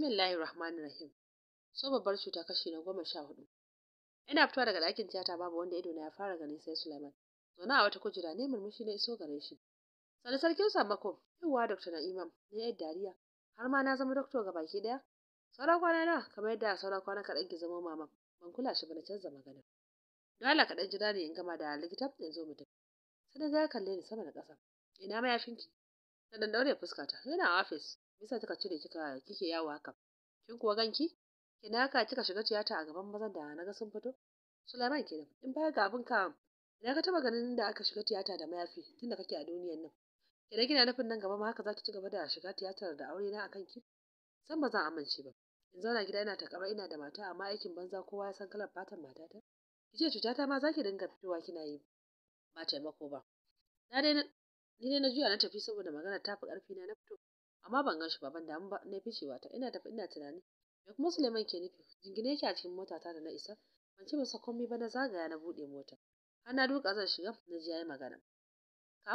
Bismillahir Rahmanir Rahim. So babbar cuta kashi na goma sha hudu. Ina fitowa daga ɗakin tiyata babu wanda ido na ya fara gani sai Sulaiman. Zauna a wata kujera ne murmushi na iso gare shi. Sani sarkin sammako, yauwa Dr. Na'imam, na yar dariya. Har ma na zama doctor ga baki daya. Sauran kwana na kamar yadda sauran kwana kaɗan ki zama mama. Ban kula shi ba na canza magana. Dole kaɗan jira ne in gama da likita in zo mu tafi. Sai na ga ya kalle ni sama da ƙasa. Ina mayafinki? Na dan daure fuskata. Yana ofis me yasa kika cire kika kike yawo haka kin kuwa ganki kina ka kika shiga tiyata a gaban mazan da naga sun fito Sulaiman kenan in baya ga abin ka ina ka taba ganin da aka shiga tiyata da mayafi tunda kake a duniyar nan kina kina nufin nan gaba ma haka zaki ci gaba da shiga tiyatar da aure na akan ki san ba zan amince ba in zauna gida ina takaba ina da mata amma aikin banza kowa ya san kalar fatan matata kice cutata ma zaki dinga fitowa kina yi ba taimako ba na dai ni dai na juya na tafi saboda magana ta fi karfi na na fito amma ban gan shi ba ban damu ba na ficewa ta ina tafi ina tunani me kuma Suleiman ke nufi jingine shi a cikin ta da na isa ban ce masa komai ba na zagaya na buɗe mota har na duka zan shiga na ji yayi magana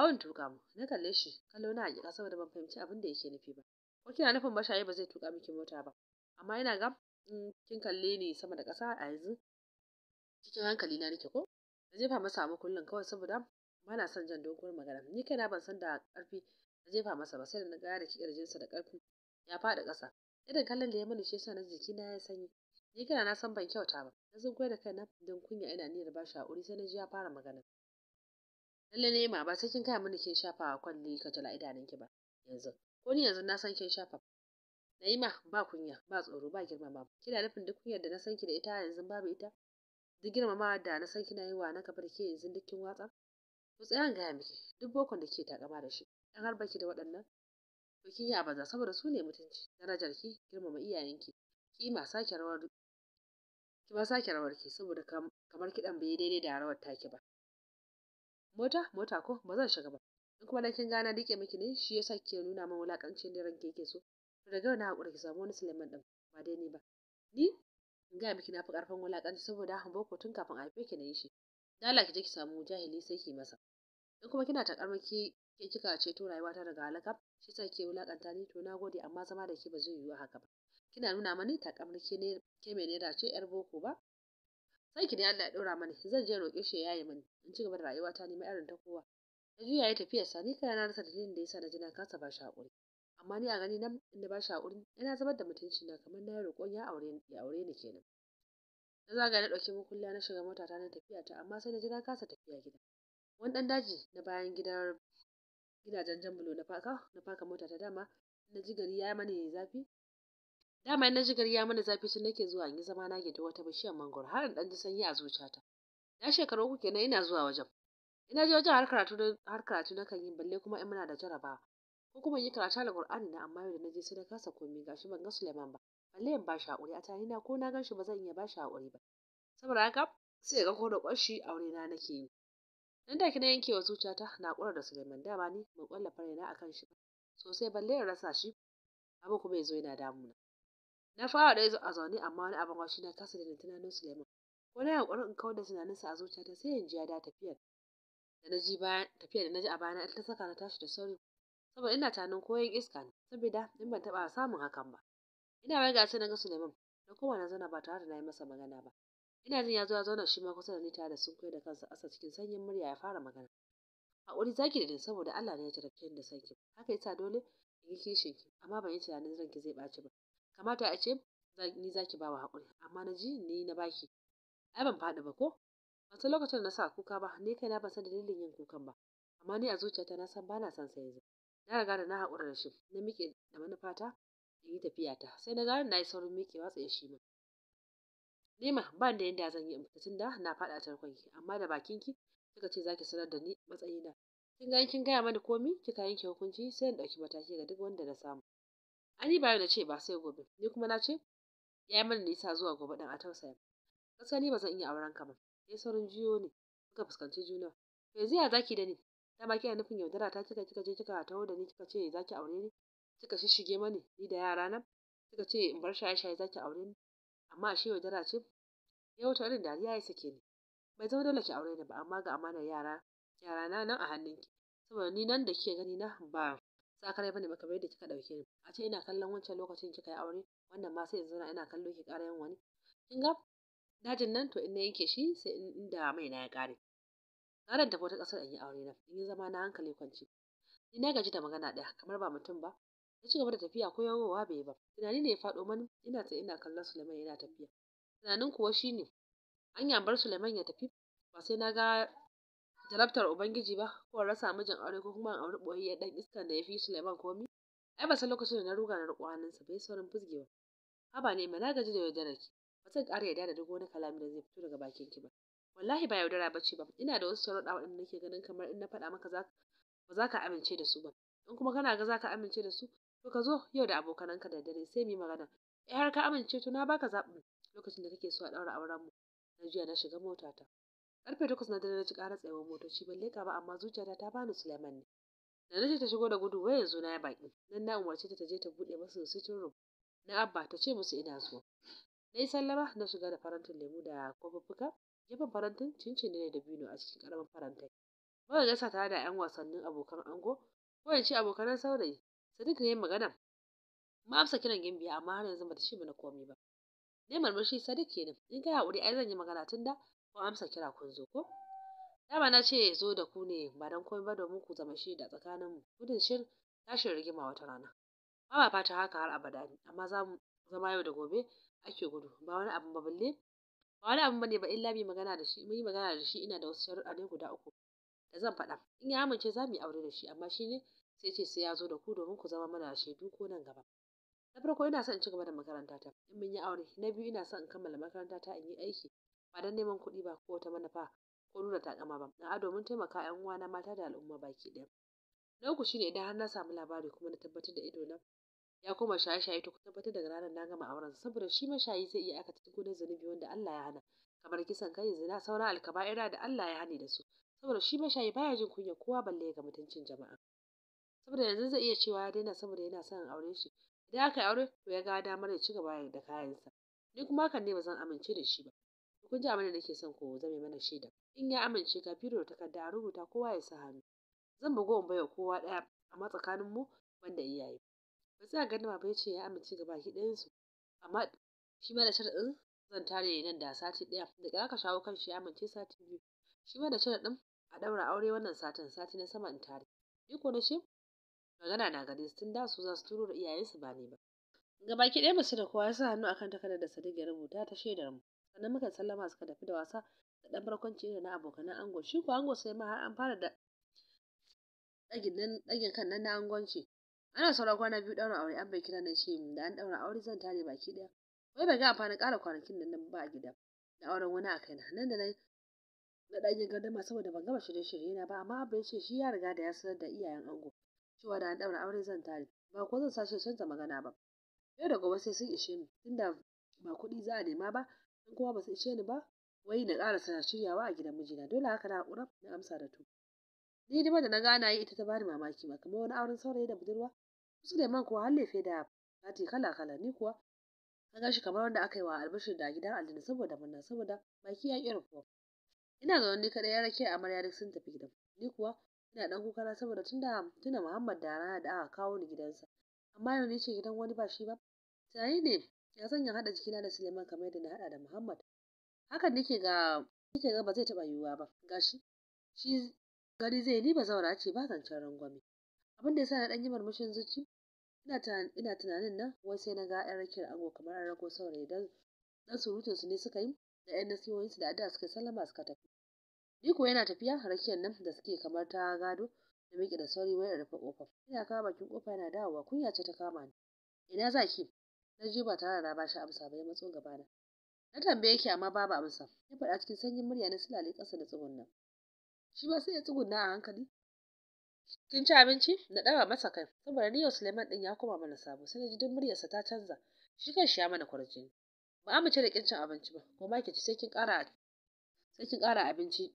in tuka mu na kalle shi kallo na hakika saboda ban fahimci abin da yake nufi ba ko kina nufin mashayi ba zai tuka miki mota ba amma ina ga in kin kalle ni sama da ƙasa a yanzu cikin hankali na nake ko na jefa masa a kullum kawai saboda ba na son jan doguwar magana ni kaina ban san da ƙarfi na jefa masa ba sai da na ga da kirjinsa da ƙarfi ya faɗi ƙasa irin kallon da ya mani shi yasa na jiki na ya sanyi ni kana na san ban kyauta ba na zunko da na don kunya ina niyyar ba shi haƙuri sai na ji ya fara magana lalle ne ma ba sai kin kai mini kin shafa a kwalli ka jala idanunki ba yanzu ko ni yanzu na san kin shafa Na'ima ba kunya ba tsoro ba girma ba. kina nufin duk kunyar da na san ki da ita yanzu babu ita duk girmama da na san kina yi wa na ka ke yanzu dukkin watsa ku tsaya gaya miki duk bokon da ke takama da shi in har baki da waɗannan to kin yi abaza saboda su ne mutunci darajar ki girmama iyayenki ki ma sake rawar ki ma sake rawar ki saboda kamar kiɗan bai daidai da rawar taki ba mota mota ko ba zan shiga ba in kuma dan kin gana dike miki ne shi yasa kike nuna min wulakancin da ranke yake so to daga na hakuri ki samu wani Suleiman din ba dai ni ba ni in ga miki na fi karfin wulakanci saboda han boko tun kafin a haife ki na yi shi dala ki je ki samu jahili sai ki yi masa in kuma kina ki. ke kika ceto rayuwata daga halaka shi sa ke wulakanta ni to na gode amma zama da ke ba zai yiwu haka ba kina nuna mani kamar ke ne ke mai naira ce yar boko ba sai ki ne Allah ya ɗora mani zan je roƙe shi ya yaye mani in ci gaba da rayuwata ne mai irin ta kowa ya juya ya tafiyar sa ni kana na rasa dalilin da yasa na jina kasa ba shi amma ni a gani nan inda ba shi haƙuri yana zubar da mutunci na kamar na roƙon ya aure ya aure ni kenan na zaga na ɗauki mukulla na shiga motata na tafiya ta amma sai na jira kasa tafiya gida wani ɗan daji na bayan gidan gidajen jan bulo na faka na faka mota ta dama na ji gari ya mani zafi dama na ji gari ya mana zafi tun nake zuwa in zama na gida wata bishiyar mangoro har in dan ji sanyi a ta. na shekaru uku kenan ina zuwa wajen ina je wajen har karatu har karatu na kan yi balle kuma in muna da jarabawa ko kuma yi karatu alqur'ani na amma yau da na je sai na kasa komai gashi ban ga Suleiman ba balle in bashi hakuri a tani na ko na ganshi ba zan iya bashi hakuri ba saboda haka sai ga ko da kwashi aure na nake yi nan take na yankewa zuciyata na ƙura da Suleiman dama ni ban ƙwallafa raina akan shi sosai balle in rasa shi abu kuma yazo yana damuna na fara da a zaune amma wani abin haushi na kasa da tunanin Suleiman ko na yankurin in kawar da tunaninsa a zuciyata sai in ji ya da tafiyar da na ji bayan tafiyar da na ji a bayana ta saka na tashi da sauri saboda ina tunanin koyon iska ne saboda in ban taɓa samun hakan ba ina wai gashi na ga Suleiman da na zana ba tare da na yi masa magana ba Ina jin ya zo ya zauna shi ma kusa da ni tare da sun da kansa ƙasa cikin sanyin murya ya fara magana. Haƙuri zaki da ni saboda Allah ne ya tarafke da sanki. Haka yasa dole in yi kishin ki amma ban yi tunanin ranki zai ɓaci ba. Kamata a ce ni zaki ba wa haƙuri amma na ji ni na baki. Ai ban faɗi ba ko? Ban san lokacin na sa kuka ba ni na ba san dalilin yin kukan ba. Amma ni a zuciyata na san bana san sa yanzu. Na riga da na haƙura da shi na miƙe da manufata in yi tafiya ta. sai na gane na yi saurin miƙewa tsaye shi ma. Nima ba da yadda zan yi in fita da na faɗa tarkon ki amma da bakin ki kika ce zaki sanar da ni matsayina. Kin ga in kin gaya mani komi kika yanke hukunci sai in ɗauki mataki ga duk wanda na samu. Ani ba da ce ba sai gobe ni kuma na ce ya mani nisa zuwa gobe ɗin a tausaya. Gaskiya ni ba zan iya auren ka ba. Sai saurin juyo ne kuka fuskanci juna. Yanzu ya zaki da ni dama kina nufin yaudara ta kika kika je kika taho da ni kika ce zaki aure ni kika shishshige mani ni da yarana kika ce in bar shaye shaye zaki aure ni amma ashe yaudara ce ya wuce irin dariya ya sake ni bai zama dole ki aure ni ba amma ga amanar yara yara na nan a hannunki saboda ni nan da kike gani na ba sakarai bane ba kamar da kika ɗauke ni a ce ina kallon wancan lokacin kika yi aure wannan ma sai yanzu ina kallo ki ƙara yin wani kin ga dajin nan to in na yanke shi sai in inda mai na ya ƙare Garan tafi wata ƙasar in yi aure na in yi zama na hankali kwanci. Ni na gaji da magana ɗaya kamar ba mutum ba ya ci gaba da tafiya ko yawowa bai ba tunani ne ya faɗo mani ina tsaye ina kallon Suleiman yana tafiya tunanin kuwa shine anya bar Suleiman ya tafi ba sai na ga jarabtar ubangiji ba ko rasa mijin aure ko kuma aure boye dan iska da ya fi Suleiman komi ai ba san lokacin da na ruga na rukwanin sa bai saurin fusgewa haba ne na gaji da yaudarar ki ba zan ƙara yarda da duk wani kalami da zai fito daga bakin ki ba wallahi ba yaudara bace ba ina da wasu sharuɗa waɗanda nake ganin kamar in na faɗa maka za ba za ka amince da su ba in kuma kana ga za ka amince da su to ka zo yau da abokananka da dare sai mu yi magana eh har ka amince to na baka zaɓin lokacin da kake so a ɗaura auren mu na juya na shiga motata karfe takwas na dare na ji ƙara tsayawar motoci ban leƙa ba amma zuciyata ta bani Suleiman ne da ce ta shigo da gudu wai yanzu na ya baki nan na umarce ta je ta buɗe masu sitin rum. na abba ta ce musu ina zuwa na yi sallama na shiga da farantin lemu da kofuffuka gefen farantin cincin ne da bino a cikin ƙaramin farantai muka gasa tare da 'yan wasannin abokan ango ko ya ce abokanan saurayi Sadiq ne ya magana. ma amsa kiran Gimbiya amma har yanzu bata shi mana komai ba. Ne murmushi Sadiq kenan. In kai haƙuri ai zan yi magana tunda ko amsa kira kun zo ko? Dama na ce zo da ku ne ba don komai ba domin ku zama shi da tsakanin mu. Gudun shir tashin rigima wata rana. Ba ba fata haka har abada ne amma za mu zama yau da gobe ake gudu ba wani abu ba balle ba wani abu bane ba illa mu magana da shi mun yi magana da shi ina da wasu sharuɗa ne guda uku da zan faɗa in ya amince za mu yi aure da shi amma shi ne ya ce sai ya zo da ku domin ku zama mana shaidu ko nan gaba na farko ina son in ci gaba da makaranta ta in mun yi aure na biyu ina son in kammala makaranta ta in yi aiki ba don neman kuɗi ba ko wata manufa ko nuna takama ba a'a domin taimaka yan uwana mata da al'umma baki ɗaya na uku shine idan har na samu labari kuma na tabbatar da ido na ya koma shaye-shaye to ku tabbatar daga ranar na gama auren saboda shi mashayi zai iya aikata duk wani zunubi wanda Allah ya hana kamar kisan kai zina sauran alkaba'ira da Allah ya hani da su saboda shi mashayi baya jin kunya kowa balle ga mutuncin jama'a saboda yanzu zai iya cewa ya daina saboda yana son in aure shi idan aka yi aure to ya ga damar ya ci gaba da kayansa ni kuma hakan ne ba zan amince da shi ba kun ji abin da nake son ku zame mana shaida in ya amince ga biro da takarda a rubuta kowa ya sa hannu zan bugo in baiwa kowa ɗaya amma tsakanin mu wanda iyaye ba sai a ba ya ce ya amince ga baki ɗayansu amma shi ma da sharaɗin zan tare nan da sati ɗaya da ƙira ka shawo kan shi ya amince sati biyu shi ma da sharaɗin a ɗaura aure wannan satin sati na sama in tare ni ko na ce magana na gare su tun da su za su turo da iyayensu ba ni ba ga baki ɗaya basu da kowa sa hannu akan takardar da Sadiq ya rubuta ta shaidar mu sannan muka sallama suka tafi da wasa da dan barkwanci da na abokan ango shi ko ango sai ma har an fara da ɗagin kan nan na angonci ana sauran kwana biyu ɗaura aure an bai kira na shi da an ɗaura aure zan tare baki ɗaya wai bai ga amfanin ƙara kwanakin da nan ba a gida da auren wani a kaina nan da nan na ɗagin gardama saboda ban gama shirye-shirye na ba amma abin ya ce shi ya riga da ya sanar da iyayen ango cewa da an ɗaura aure zan tare ba ko zan sace canza magana ba yau da gobe sai sun ishe ni tunda ba kuɗi za a nema ba sun kuma ba su ishe ni ba wai na ƙara sana shiryawa a gidan mijina dole haka na haƙura na amsa da tu. ni dima da na gana yi ita ta bani mamaki ba kamar wani auren saurayi da budurwa su man kuwa har lefe da fati kala kala ni kuwa an gashi kamar wanda aka yi wa albashir da gidan aljanna saboda murna saboda baki ya ƙi ina zaune ni kaɗai ya rake amarya duk sun tafi gidan ni kuwa ina dan kuka saboda tunda tuna Muhammad da rana da aka kawo ni gidansa amma yau ne ce gidan wani ba shi ba tunani ne ya sanya haɗa jikina da Suleiman kamar yadda na haɗa da Muhammad hakan nake ga nake ga ba zai taba yiwuwa ba gashi shi gari zai ni ba zaura ce ba zancen rangwame abin da yasa na dan yi murmushin zuci ina ina tunanin nan wai sai na ga ɗan rakiyar ango kamar an rako saurayi dan dan surutun su ne suka yi da ƴan nasihohinsu da addu'a suka sallama suka tafi Shi yana tafiya rakiyar nan da suke kamar ta gado da miƙe da sauri wai rufe ƙofar. Ina kawo bakin ƙofa yana dawowa kunya ce ta kama ni. Ina za ki? Na ji ba tare da na bashi amsa ba ya matso gaba Na tambaye ki amma babu amsa. Ya faɗa cikin sanyin murya na silale ƙasa da tsugunna. Shi ba sai ya tsugunna a hankali. Kin ci abinci? Na ɗaga masa kai. Saboda yau Suleiman ɗin ya koma mana sabo sai na ji duk muryarsa ta canza. Shi kan shi ya mana kwarjini. Ba amince da kin cin abinci ba. Ko ma ki ci sai kin ƙara sai kin ƙara abinci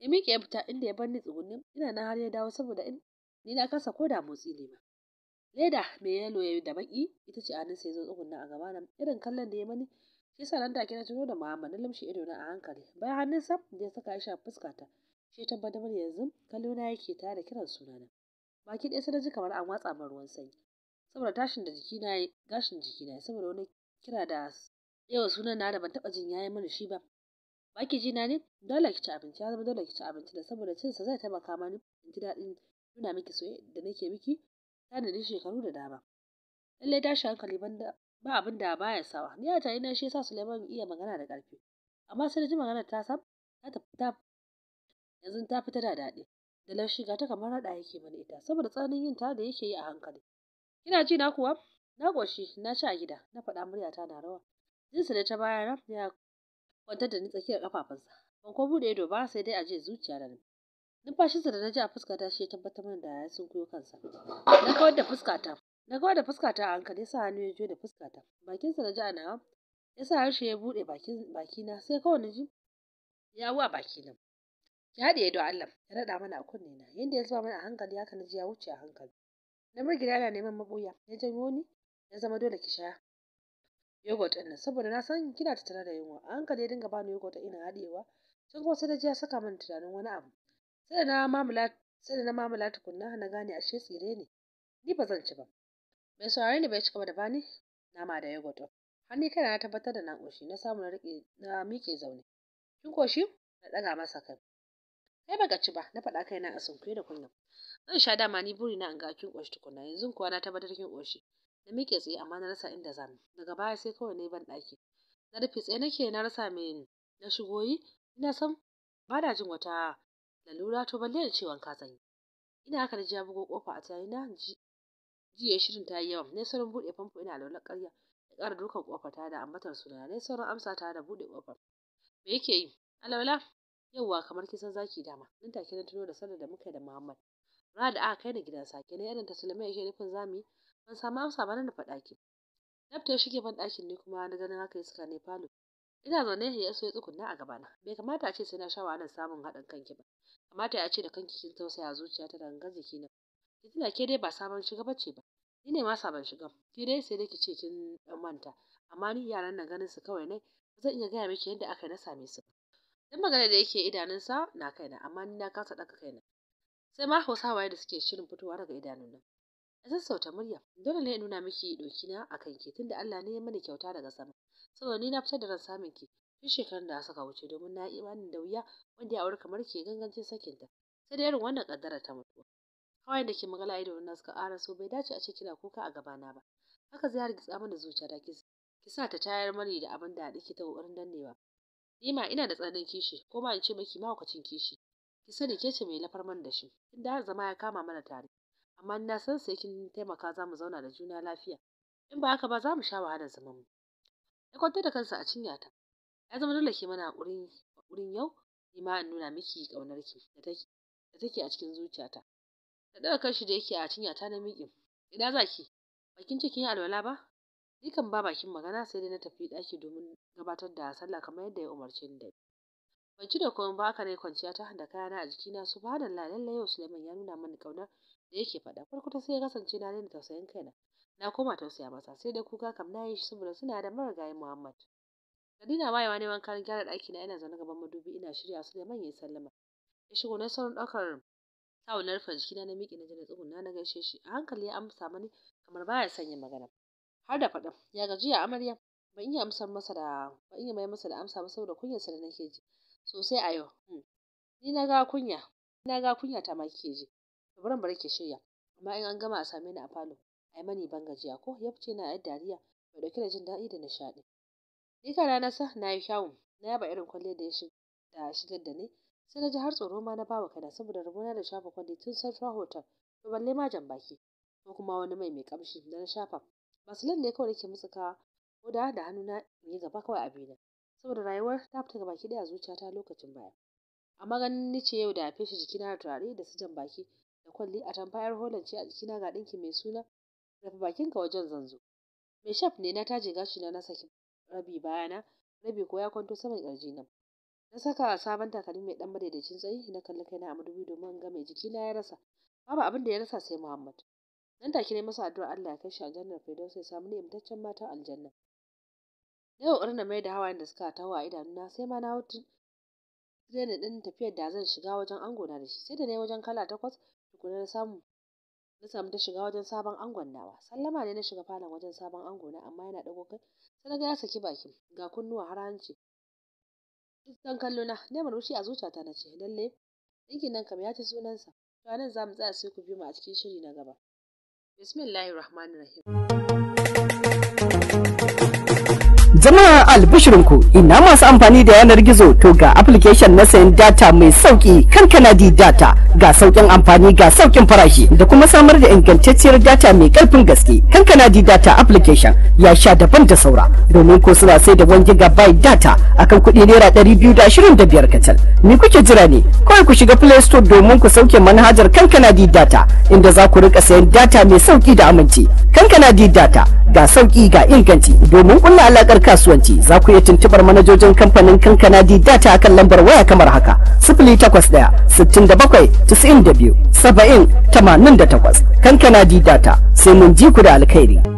ya miƙe ya fita inda ya bar ni tsugunni ina na har ya dawo saboda in ni na kasa ko da motsi ne ba leda mai yalo ya da baki ita ce anin sai zo tsugunna a gaba na irin kallon da ya mani shi yasa nan take na tuno da mama na lamshe ido na a hankali bayan hannun sa ya saka ya shafi fuska ta shi tabbatar mana yanzu kallo na yake tare da kiran sunana baki ɗaya sai na ji kamar an watsa min ruwan sanyi saboda tashin da jiki na gashin jiki na saboda wani kira da yawa sunan na da ban taɓa jin yayi mana shi ba ba ji na ne dole ki ci abinci ya zama dole ki ci abinci da saboda cin sa zai taimaka mani in ji daɗin nuna miki soyayya da nake miki tanadin shekaru da dama lallai tashi hankali banda ba abin da baya sawa ni a tayi na shi yasa Suleiman iya magana da ƙarfi amma sai da ji magana ta sam ta tafi ta yanzu ta fita da daɗi da laushi ga ta kamar raɗa yake mana ita saboda tsananin yin ta da yake yi a hankali kina ji na kuwa na ƙoshi na ci a gida na faɗa ta na rawa jinsa da ta baya ya kwantar da ni tsakiyar ƙafafunsa ban ko buɗe ido ba sai dai a je zuciya da ni numfashinsa da na ji a fuskata shi ya tabbatar mana da ya sunkuyo kansa na kawar da fuskata na kawar da fuskata a hankali sa hannu ya juyo da fuskata bakinsa na ji a nawa ya sa harshe ya buɗe bakina sai kawai na ji ya wa bakina ki haɗiye don Allah ya raɗa mana a kunne na yanda ya zuba mana a hankali haka na ji ya wuce a hankali na murgida yana neman mabuya ya janyo ni ya zama dole ki sha yogurt ɗin saboda na san kina tattare da yunwa a hankali ya dinga bani yogurt ina haɗewa can kuma sai na ji ya saka min tunanin wani abu sai da na mamula sai da na mamula tukunna na gane ashe tsire ne ni ba zan ci ba mai saurare ne bai cika da bani nama da yogurt har ni kaina na tabbatar da na ƙoshi na samu na riƙe na miƙe zaune kin ƙoshi na ɗaga masa kai kai baka ci ba na faɗa kaina a sunkuye da kunna zan sha dama ni burina in ga kin ƙoshi tukunna yanzu kuwa na tabbatar kin ƙoshi na miƙe tsaye amma na rasa inda yi. daga baya sai kawai na yi ban ɗaki na rufe tsaye nake na rasa me na shigo yi ina san ba na jin wata lalura to balle da ciwon katsan ina haka na ji ya bugo kofa a tsaye na ji jiya shirin ta yi yawa na saurin buɗe famfo ina laular ƙarya da ƙara dukan kofar ta da ambatar suna na saurin amsa ta da buɗe kofar me yake yi alaula yauwa kamar kisan zaki dama nan take na tuno da sallar da muka da Muhammad ra da aka kai ni gidan sake na irin ta Sulaiman yake nufin zamu yi ban samu amsa ba na faɗa ɗakin Nafta ya shige ban ɗakin ne kuma na ganin haka iska ne falo. Ina zaune ne ya so ya tsukunna a na. Bai kamata a ce sai na sha wahalar samun haɗin kanki ba. Kamata ya ce da kanki kin tausaya zuciya ta dangan jiki na. Ki tuna ke dai ba sabon shiga bace ba. Ni ne ma sabon shiga. Ki dai sai dai ki ce kin dan manta. Amma ni yaran nan ganin su kawai ne. Ba zan iya gaya miki yadda aka na same su ba. Dan magana da yake idanunsa na kaina amma ni na kasa ɗaga kaina. Sai ma Hausawaye da suke shirin fitowa daga idanun nan. na sassauta murya dole ne in nuna miki na a kan ke, tunda Allah ne ya mani kyauta daga sama saboda ni na fitar da ran samun ki tun shekarun da suka wuce domin na yi imanin da wuya wanda ya aure kamar ke gangancin sakinta sai da irin wannan kaddara ta mutuwa kawai da ke magana ido na suka ƙara so bai dace a ce kina kuka a gabana ba haka zai gitsa mana zuciya da ki sa ta tayar mani da abin da nake ta kokarin dannewa ni ma ina da tsananin kishi ko ma in ce maki mahaukacin kishi ki sani ke ce mai lafar man da shi tunda har zama ya kama mana tare amma na san sai kin taimaka za mu zauna da juna lafiya in ba haka ba za mu sha wahalar zaman mu ya kwantar da kansa a cinya ta ya zama dole ke mana hakurin hakurin yau ni ma in nuna miki kaunar ki da take da a cikin zuciyata ta daga kanshi da yake a cinya ta na miƙin ina za ki bakin cikin alwala ba ni kan ba bakin magana sai dai na tafi ɗaki domin gabatar da sallah kamar yadda ya umarce ni da ban ci da komai ba haka ne kwanciya ta da kayana a jikina subhanallah lallai yau Suleiman ya nuna mana kaunar da yake faɗa ta sai ya kasance na daina tausayin kaina na koma tausaya masa sai dai kuka kam na yi shi saboda suna da marigayi Muhammad Kadina wayewa neman kayan gyara ɗaki na yana zaune gaban madubi ina shirya su da manyan sallama ya shigo na sauran ɗaukar tawul na rufe jikina na miƙe na ji na na gaishe shi a hankali ya amsa mani kamar baya sanya magana har da faɗan ya gajiya amarya ban iya amsa masa da ban iya mai masa da amsa ba saboda kunyarsa da nake ji sosai a yau hmm. ni na ga kunya na ga kunya ta ma kike ji to bari bari ke shirya amma in an gama a same ni a falo a ai mani ban gajiya ko ya fice na yar dariya mai dauke da jin daɗi da nishaɗi ni kana na sa na yi kyawun na yaba irin kwalliyar da ya da shigar da ni sai na ji har tsoro ma na bawa kada saboda na da shafa kwalli tun central hotel to balle ma jan baki ko kuma wani mai mai kamshi da na shafa basilin ne kawai nake mutsuka ko da da hannuna in yi gaba kawai a bina saboda rayuwar ta fita baki daya zuciyata lokacin baya amma ganin ni ce yau da ya feshi jikina da turare da su jan baki da kwalli a yar holan ce a jikina ga ɗinki mai suna rufe bakinka wajen zanzo mai shaf ne na taje gashina na saki rabi bayana rabi ko ya kwanto saman ƙirji na na saka sabon takalmi mai ɗan madaidaicin tsayi na kalli kaina a madubi domin ga mai jikina ya rasa babu abin da ya rasa sai muhammad nan take ne masa addu'a Allah ya kai shi aljannar firdaus ya samu ni'imtaccen mata aljanna na yau na mai da hawayen da suka tawo a idanuna sai ma na Zai na din tafiyar da zan shiga wajen angona da shi sai da ne wajen kala takwas tukuna na samu na samu ta shiga wajen sabon angon nawa sallama ne na shiga falon wajen sabon ango na amma yana dago kai sai ga ya saki bakin. ga kunnuwa har hanci duk dan kallo na na murmushi a zuciyata na ce lalle dinkin nan kam ya ci sunansa to nan zamu mu tsaya sai ku bi mu a cikin shiri na gaba bismillahir rahmanir rahim Jama'a ku ina masu amfani da yanar gizo to ga application na sayan data mai sauki kan Kanadi data ga saukin amfani ga saukin farashi da kuma samar da ingantacciyar data mai karfin gaske. Kan Kanadi data application ya sha daban da saura domin ko suna sai da 1 gigabyte data akan kuɗi naira ɗari biyu da da ashirin biyar kacal. ni kuke jira ne? Kawai ku shiga Play Store domin ku sauke manhajar kan Kanadi data inda za ku rika sayan data mai sauki da aminci. Kan Kanadi data ga sauki ga inganci domin kulla alakar harkar kasuwanci za ku iya tuntubar manajojin kamfanin kankana di data akan lambar waya kamar haka da biyu saba'in tamanin da takwas kankana di data sai mun ji ku da alkhairi